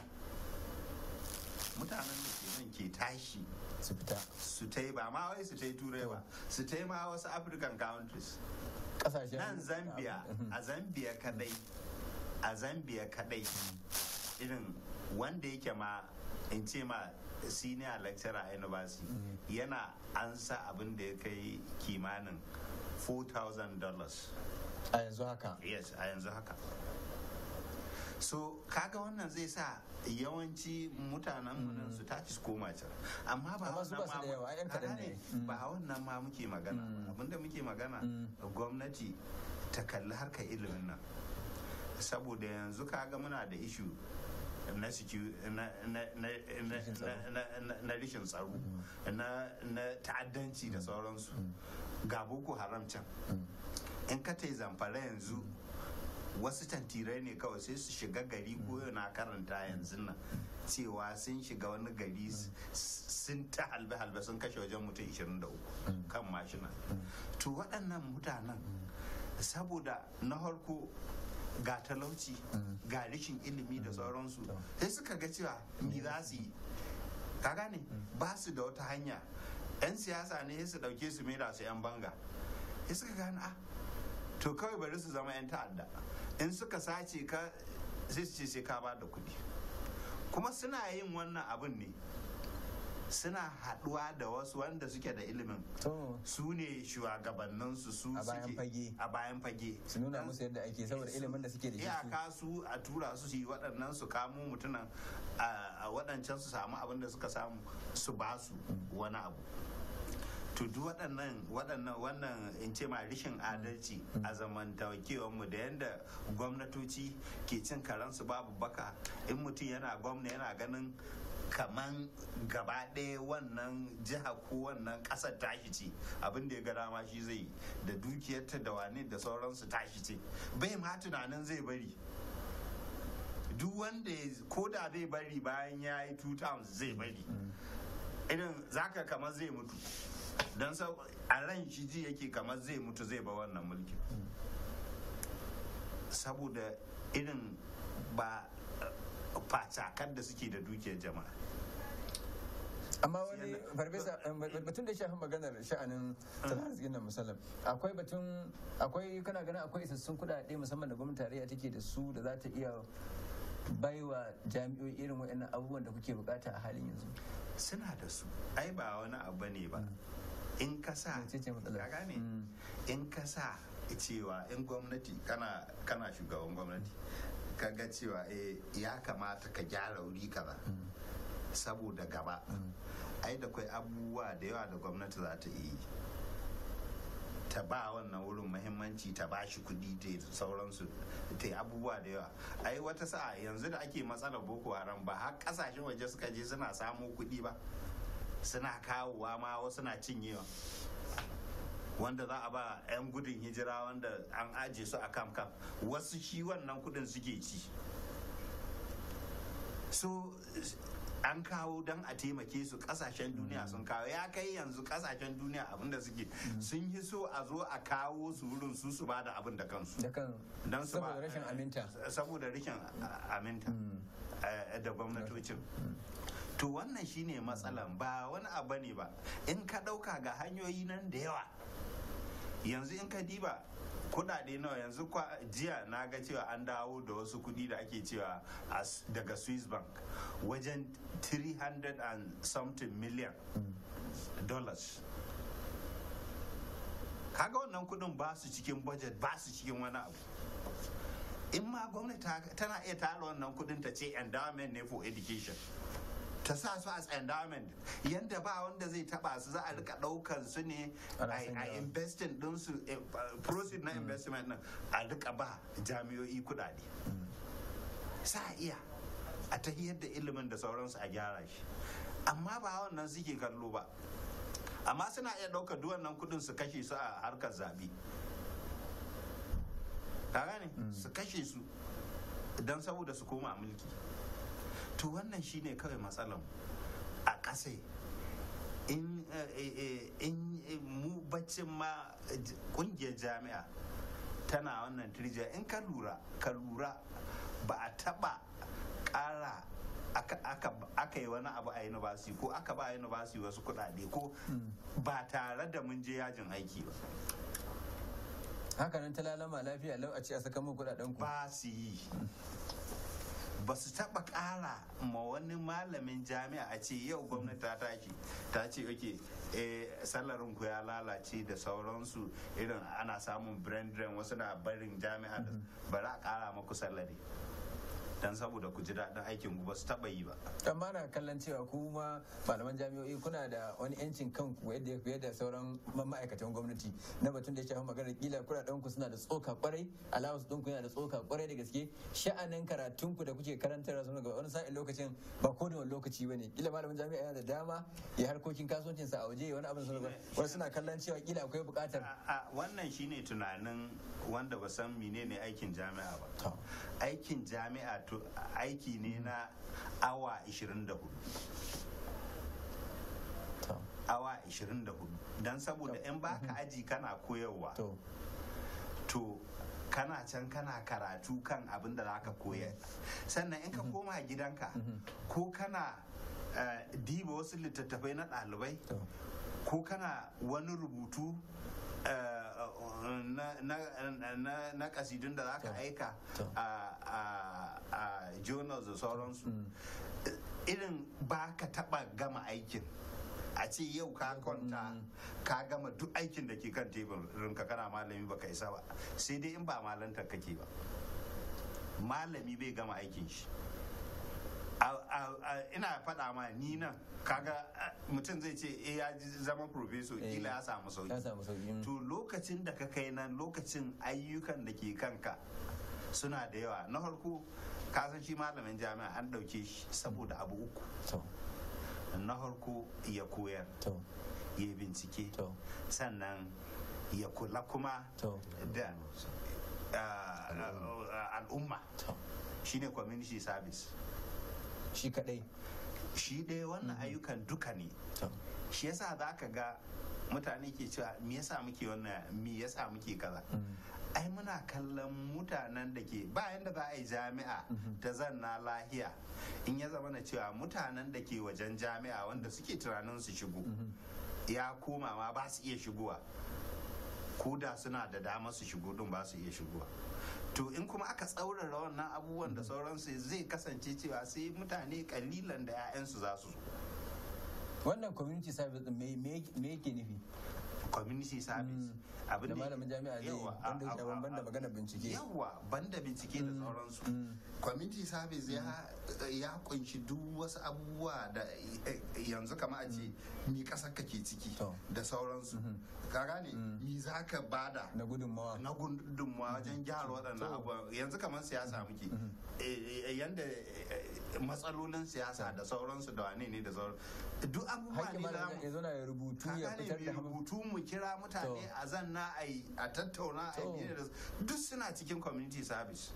mutanen da ke nan ke tashi su fita su ta yi ba ma wai su ta yi turai ba su ta yi ma wasu african countries nan zambia a zambia kadai a zambia kadai irin wanda yake ma in ce ma senior lecturer a university mm. yana ansa abin da ya kai kimanin $4,000 a yanzu haka yes a yanzu haka so kaga wannan zai sa yawanci mutanen mu mm. su tashi su koma can amma ba a mm. wannan ma muke magana abinda muke magana gwamnati ta kalli harkar ilimin nan saboda yanzu kaga muna da ishu na rikin tsaro mm-hmm. na ta'addanci da sauransu mm-hmm. ga boko haram can mm-hmm. in ka tai zamfara yanzu wasu tantirai ne kawai sai su shiga gari ko na karanta yanzu nan cewa sun shiga wani gari sun ta halbe-halbe sun kashe wajen mutum 23 kan mashina to waɗannan mutanen saboda na harko ga talauci mm-hmm. ga rikin ilimi da mm-hmm. sauransu sai suka ga cewa ni za su yi ka gane mm-hmm. ba su da wata hanya 'yan siyasa ne su dauke su mera su 'yan banga sai suka gane a ah, to kawai bari su zama 'yan ta'adda in suka sace ka sai ce sai ka ba da kuɗi kuma suna yin wannan abin ne suna haɗuwa da wasu wanda suke da ilimin su ne shugabannin su su suke a bayan fage su nuna musu yadda ake saboda ilimin da suke da shi iyaka su a tura su yi waɗannan su kamo mutunan a waɗancan su samu abin da suka samu su ba su wani abu to duk waɗannan waɗannan wannan in ce ma rishin adalci a zamantakewar mu da yadda gwamnatoci ke cin karansu babu baka in mutum yana gwamna yana ganin kaman gaba ɗaya wannan jiha ko wannan ƙasar tashi ce abin da ya ga dama shi zai da dukiyarta da wane da sauransu tashi ce bai ma tunanin zai bari duk wanda ko da zai bari bayan ya yi two terms zai bari irin zaka kamar zai mutu don sau a ran shi ji yake kamar zai mutu zai ba wannan mulki saboda irin ba facakan da suke da dukiyar jama'a amma wani farfesa
batun eh, da shafin maganar sha'anin tattalin arzikin nan musallam akwai batun akwai kana ganin akwai isassun kudade musamman da gwamnati tarayya take da su da za ta iya baiwa
jami'o'i irin waɗannan abubuwan da kuke bukata a halin yanzu suna da su ai ba wani abu ne ba mm. in ka gane mm. in kasa cewa in gwamnati kana shugaban gwamnati ka ga cewa eh, ya kamata ka gyara wuri kaza mm. saboda gaba mm. ai da kwai abubuwa da yawa da gwamnati za ta yi ta ba wannan wurin mahimmanci ta ba shi kudi da sauransu ta yi abubuwa da yawa ai wata sa'a yanzu da ake matsalar boko haram ba har kasashen waje suka je suna samo kudi ba suna kawowa ma wasu na cinyewa wanda za a ba 'yan gudun hijira wanda an aje su a kam kam wasu shi wannan kudin suke ci so an kawo don a taimake su kasashen duniya sun kawo ya kai yanzu kasashen duniya abinda suke sun yi so a zo a kawo su wurin su su bada abin da kansu don su saboda rashin aminta saboda rashin aminta eh, da gwamnatocin to wannan shine matsalan ba wani abu ne ba in ka ɗauka ga hanyoyi nan da yawa yanzu in ka diba kudade nawa yanzu kwa jiya na ga cewa an dawo da wasu kudi da ake cewa daga swiss bank wajen 300 and something million dollars kaga wannan kudin ba su cikin budget ba su cikin wani abu in ma gwamnati tana iya tara wannan kudin ta ce endowment ne for education ta sa su as endowment yadda ba wanda zai taba su za a rika daukar su ne a investing din su eh, proceed na mm. investment na a rika ba jami'o'i kudade mm. sa iya a ta da ilimin da sauransu a gyara shi amma ba wannan suke kallo ba amma suna iya ɗauka nan kudin su kashe su a harkar zaɓe ka gane mm. su kashe su don saboda su koma mulki to wannan shine kawai matsalan a kasai in eh, eh, eh, mu baccin ma ƙungiyar jami'a tana wannan tirjiya in ka lura ka lura ba a taɓa ƙara aka yi wani abu a yi ko aka ba yi wasu kuɗaɗe ko hmm. ba tare da mun je yajin aiki ba hakanan nan ta lalama lafiya lau a ce a saka mun kuɗaɗen ku ba su yi hmm. ba su taɓa ƙara ma wani malamin jami'a a ce yau gwamnati ta tashi ta ce oke eh, salarin ku ya lalace da sauransu irin ana samun brand wasu na barin jami'a ba za a ƙara maku salari dan saboda ku ji daɗin aikin ku ba su taɓa yi ba
amma na kallon cewa ku ma malaman jami'o'i kuna da wani yancin kanku yadda fiye da sauran ma'aikatan gwamnati na batun da ya shafi maganar kila kuɗaɗen ku suna da tsoka kwarai alawus ɗin ku yana da tsoka kwarai da gaske sha'anin karatun ku da kuke karantar sun ga wani sa'in lokacin ba ko da wani lokaci ba ne. kila malaman jami'a yana da dama ya harkokin kasuwancin sa a waje wani abin sun wani suna kallon cewa kila akwai buƙatar
wannan shine tunanin wanda ba san menene aikin jami'a ba aikin jami'a to aiki ne na awa 24 awa 24 don saboda in baka mhm. aji kana koyarwa to kana can kana karatu kan abin da zaka koyar mhm. sannan in ka mhm. koma gidanka ko kana eh, diba wasu littattafai na ɗalibai ko kana wani rubutu eh, na kasidun da za ka aika a journals da sauransu mm. irin ba ka taba gama aikin a ce yau ka kwanta mm. ka gama duk aikin da ke kan teburin ka kana malami ba ka isa ba sai dai in ba malantar kake ba malami bai gama aikin shi ina faɗa ma ni nan kaga eh, mutum zai ce eh ya zama profeso eh, kila ya samu sauki mm. to lokacin da ka kai nan lokacin ayyukan da ke kanka suna da yawa na farko ka san shi malamin jami'a an ɗauke shi saboda abu uku na farko ya koyar ya bincike sannan ya kula kuma da eh, al'umma shine community service shi kadai shi dai wannan mm. ayyukan duka ne shi yasa za ka ga mutane ke cewa me yasa muke wannan me yasa muke kaza mm. ai muna kallon mutanen da ke bayan da za a yi jami'a mm-hmm. ta zanna lahiya in ya zama na cewa mutanen da ke wajen jami'a wanda suke tunanin su shigo mm-hmm. ya koma ma ba su iya shigowa ko da suna da dama su shigo din ba su iya shigowa to in kuma aka tsaurara wannan abubuwan da sauransu zai kasance cewa sai mutane kalilan da 'ya'yansu za su zo wannan community service me yake nufi community service mm. abin da malamin jami'a ne wanda ya shaban banda magana bincike yawa banda bincike da mm. sauransu mm. community service ya kunshi duk wasu abubuwa da eh, eh, yanzu kama a ce mi kasar ka ke ciki da sauransu mm-hmm. ka gane mi za ka bada na gudunmawa na gudunmawa mm-hmm. wajen gyara waɗannan abubuwa yanzu kamar siyasa mm-hmm. muke eh, yanda matsalolin siyasa da sauransu da wane ne da sauransu duk abubuwa ne da mu mu kira mutane a zanna a tattauna a yi duk suna cikin community service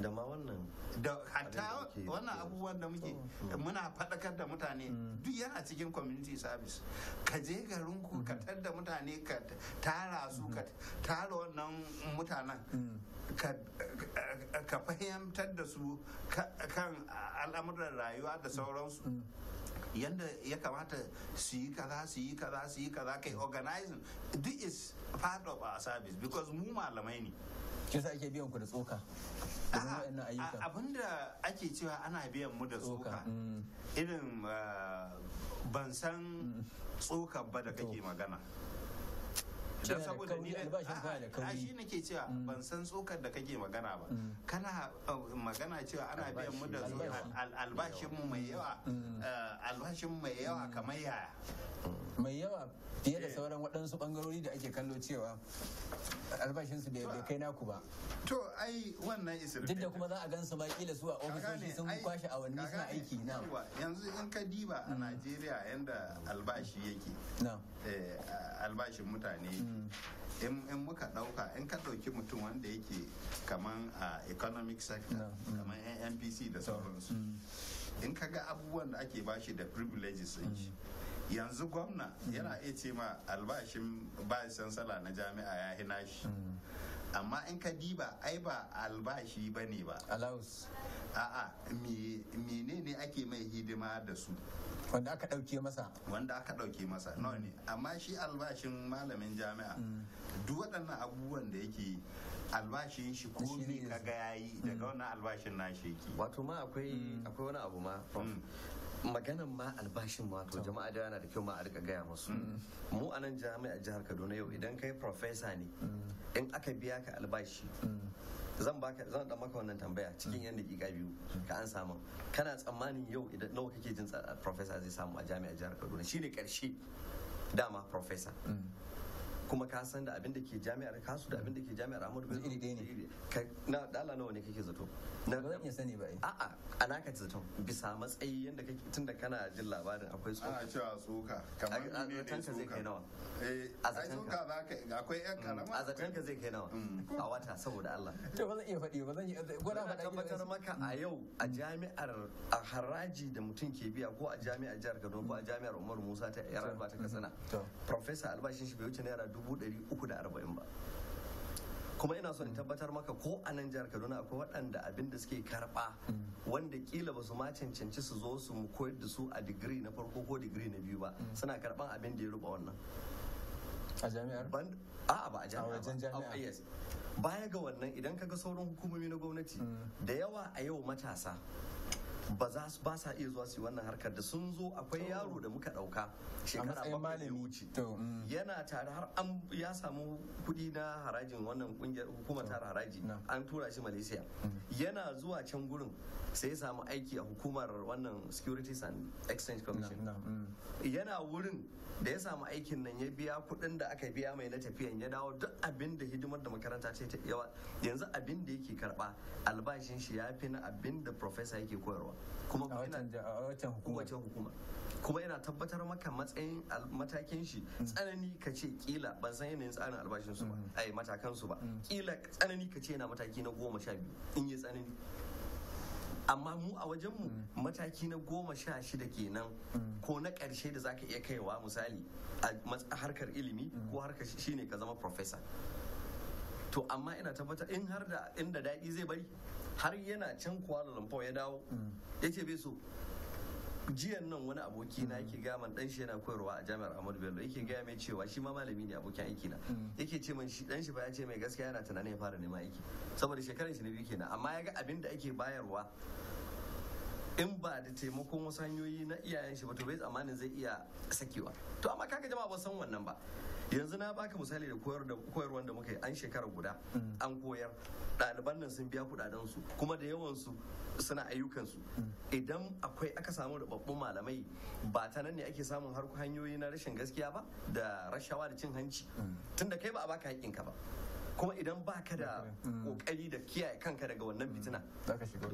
da ma wannan da hatta wannan abubuwan da muke mm. Mm. muna faɗakar da mutane mm. duk yana cikin community service ka je garin ku ka tar da mutane ka tara su ka tara wannan mutanen ka fahimtar da su kan al'amuran rayuwa da sauransu yadda ya kamata su yi kaza su yi kaza su yi kaza kai organizing this is part of our service because mu malamai ne yasa ake biyan ku da tsoka abinda ake cewa ana biyan mu da tsoka mm. irin ah, ban san mm. tsoka ba da kake magana don saboda ni a shi nake cewa mm. ban san tsokar da kake magana ba kana ah, magana cewa ana biyan mu da albashin mu mai yawa ah, albashin mai yawa kamar yaya mai yawa fiye da eh. sauran waɗansu ɓangarori da ake kallo cewa albashinsu bai
kai naku ba to ai wannan isir duk da kuma za a gan su ma kila su a ofisoshi sun kwashe
awanni suna aiki na yanzu in ka diba a mm. najeriya yanda albashi yake eh, albashin mutane mm. in muka dauka in ka dauki mutum wanda yake kaman a economic sector mm. kaman npc da sauransu in ka ga abubuwan da ake bashi da privileges shi yanzu gwamna yana iya ce ma albashin bayan sala na jami'a ya hina shi amma in ka diba ai ba albashi ba ne ba allowance a'a menene ake mai hidima da su wanda aka ɗauke masa wanda aka ɗauke masa no ne amma shi albashin malamin jami'a mm. duk waɗannan abubuwan da yake albashin shi ko ne ka ga yayi daga mm. wannan albashin nashi yake wato ma akwai mm.
akwai wani abu ma maganan ma albashin ma to jama'a da yana da kyau ma a rika gaya musu mm. mu a nan jami'a jihar kaduna yau idan kai profesa ne mm. in aka biya ka albashi mm. zan baka zan dan maka wannan tambaya cikin yan dakika biyu ka an samu kana tsammanin yau idan nawa kake jin profesa zai samu a jami'a jihar kaduna shine karshe dama profesa kuma ka san da abin da ke jami'ar kasu da abin da ke jami'ar Amadu Bello iri ɗaya ne na dala nawa ne kake zato na ba zan iya sani ba a'a ana ka zato bisa matsayi yanda kake tunda kana jin labarin akwai tsoka ana cewa
tsoka kamar ne ne tsoka zai kai nawa eh
a zaton ka za ka akwai yan karama mm, a zaton ka zai kai nawa mm. a wata saboda Allah
to ba zan iya faɗi ba zan iya eh,
gwada faɗa tabbatar maka a yau a jami'ar a haraji da mutum ke biya ko a jami'ar jihar Kaduna ko a jami'ar Umar Musa ta Yaraba ta mm, Katsina professor albashin shi bai wuce naira 340 ba kuma ina son in tabbatar maka ko a nan jihar kaduna akwai waɗanda abin da suke karɓa wanda kila ba su ma cancanci su zo su mu koyar da su a digiri na farko ko digiri na biyu ba suna karɓan abin da ya ruba wannan a jami'ar a ba a jami'ar oh, baya ga wannan idan kaga sauran hukumomi na gwamnati mm. da yawa a yau matasa ba za su ba sa iya zuwa su yi wannan harkar da sun zo akwai yaro da muka dauka shekara bakwai da wuce mm. yana tare har an ya samu kuɗi na harajin wannan kungiyar hukumar tara haraji an tura shi malaysia mm. yana zuwa can gurin sai ya samu aiki a hukumar wannan securities and exchange commission mm. yana wurin da ya samu aikin nan ya biya kuɗin da aka biya mai na tafiyan ya dawo duk abin da hidimar da makaranta ce ta yawa yanzu abin da yake karba albashin shi ya fi na abin da professor yake koyarwa kuma wacce hukuma kuma yana tabbatar maka matsayin matakin shi mm. tsanani ka ce kila ban san yanayin tsarin albashin su ba mm. ai matakan su ba kila mm. tsanani ka ce yana mataki na goma sha biyu in yi tsanani amma mu a wajenmu mataki na goma sha shida kenan ko na ƙarshe da zaka iya kaiwa misali a harkar ilimi ko harkar shine ka zama professor to amma ina tabbata in har da inda daɗi zai bari har yana can kuwa da ya dawo yake bai so jiyan nan wani aboki na mm. yake gaya man dan shi yana koyarwa a jami'ar Ahmadu Bello yake gaya mai cewa shi ma malami ne abokin aiki na mm. yake ce man shi dan shi ba ya ce mai gaskiya yana tunanin ya fara neman aiki saboda shekaran shi ne biyu kenan amma ya ga abin da ake bayarwa in ba da taimakon wasu hanyoyi na iyayen shi ba to bai tsammanin zai iya sakewa to amma kaga jama'a ba san wannan ba yanzu na baka misali da koyar da koyarwar da muka yi an shekara guda mm. an koyar ɗaliban nan sun biya kuɗaɗen su kuma da yawan su suna ayyukan su mm. idan akwai aka samu da rubabbun malamai ba ta nan ne ake samun har hanyoyi na rashin gaskiya ba da rashawa da cin hanci mm. tunda kai ba a baka haƙƙinka ba kuma idan baka da kokari mm. da kiyaye kanka daga wannan mm. fitina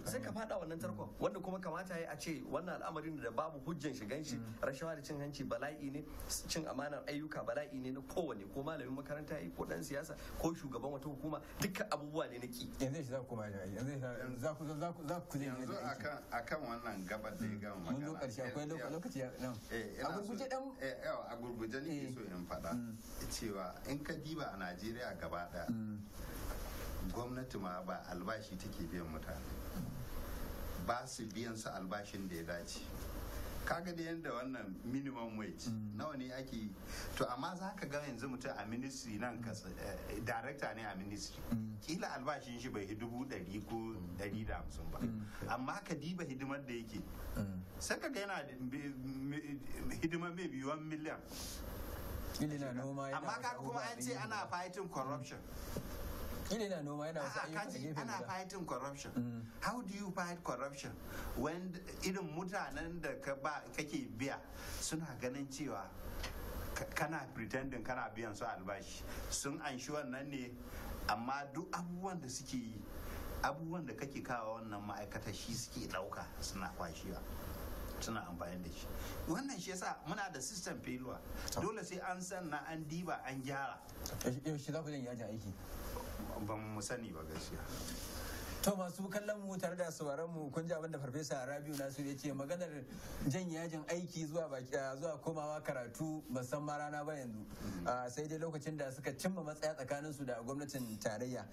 sai ka fada wannan tarkon mm. wanda kuma kamata ya a ce wannan al'amarin da babu hujjan shigan shi rashawa da cin hanci bala'i ne cin amanar ayyuka bala'i ne na kowane ko malamin makaranta ya ko dan siyasa ko shugaban wata hukuma dukkan abubuwa ne na ki yanzu shi za ku koma yanzu za ku za ku za yanzu akan akan
wannan gabar da ya gama magana mun eh, lokaci akwai eh, lokaci a gurguje dan eh, a gurguje ne so in faɗa cewa in ka diba a Najeriya gaba daya Mm. gwamnati ma ba albashi take biyan mutane ba su biyan su albashin da ya dace kaga da yadda wannan minimum wage mm. nawa ne ake to amma za ka ga yanzu mutum a ministry nan eh, director ne a ministry mm. kila albashin shi bai dubu ɗari ko ɗari da hamsin ba amma ka diba hidimar da yake sai ka ga yana hidimar mai biyu miliyan yana noma amma ka kuma an ce ana fighting corruption ile noma yana wasu ayyuka da gefe ana fighting corruption mm. how do you fight corruption when irin mutanen da ka ba kake biya suna ganin cewa kana pretending kana biyan su albashi sun anshi wannan ne amma duk abubuwan da suke yi abubuwan da kake kawo wannan ma'aikata shi suke dauka suna kwashewa suna amfani da shi wannan shi yasa muna da system failure dole sai an sanna an diba an gyara yaushe za ku yin yajin aiki ban mu sani ba gaskiya
to masu kallon mu tare da sauraron mu kun ji abin da farfesa Rabiu Nasiru ya ce maganar jan yajin aiki zuwa baki zuwa komawa karatu musamman rana ba yanzu sai dai lokacin da suka cimma matsaya tsakanin su da gwamnatin tarayya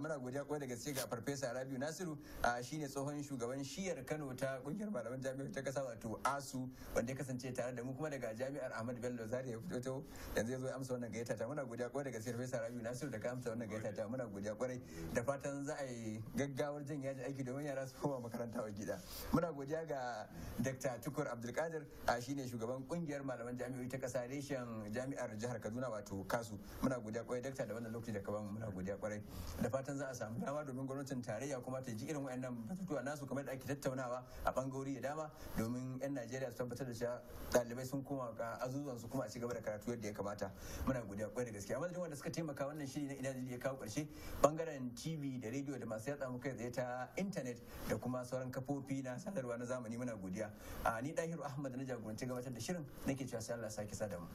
muna godiya kwarai da gaske ga farfesa Rabiu Nasiru shine tsohon shugaban shiyar Kano ta kungiyar malaman jami'ar ta kasa wato ASU wanda ya kasance tare da mu kuma daga jami'ar Ahmad Bello Zari ya fito yanzu ya zo amsa wannan gayyata ta muna godiya kwarai da gaske farfesa Rabiu Nasiru da ka amsa wannan gayyata ta muna godiya kwarai da fatan za a yi gaggawar jin yaji aiki domin yara su koma makaranta wa gida muna godiya ga dr tukur abdulkadir a shine shugaban kungiyar malaman jami'o'i ta kasa reshen jami'ar jihar kaduna wato kasu muna godiya kwarai dakta da wannan lokaci da ka bamu muna godiya kwarai da fatan za a samu dama domin gwamnatin tarayya kuma ta ji irin wayannan batutuwa nasu kamar da ake tattaunawa a bangarori da dama domin yan najeriya su tabbatar da cewa dalibai sun koma ga azuzuwan su kuma a ci gaba da karatu yadda ya kamata muna godiya kwarai da gaske amma da wanda suka taimaka wannan shiri na ina ya kawo ƙarshe bangaren tv da rediyo da masu yatsa mu kai tsaye ta intanet da kuma sauran kafofi na sadarwa na zamani muna godiya a ni dahiru ahmad na jagoranci gabatar da shirin nake cewa sai Allah sake da mu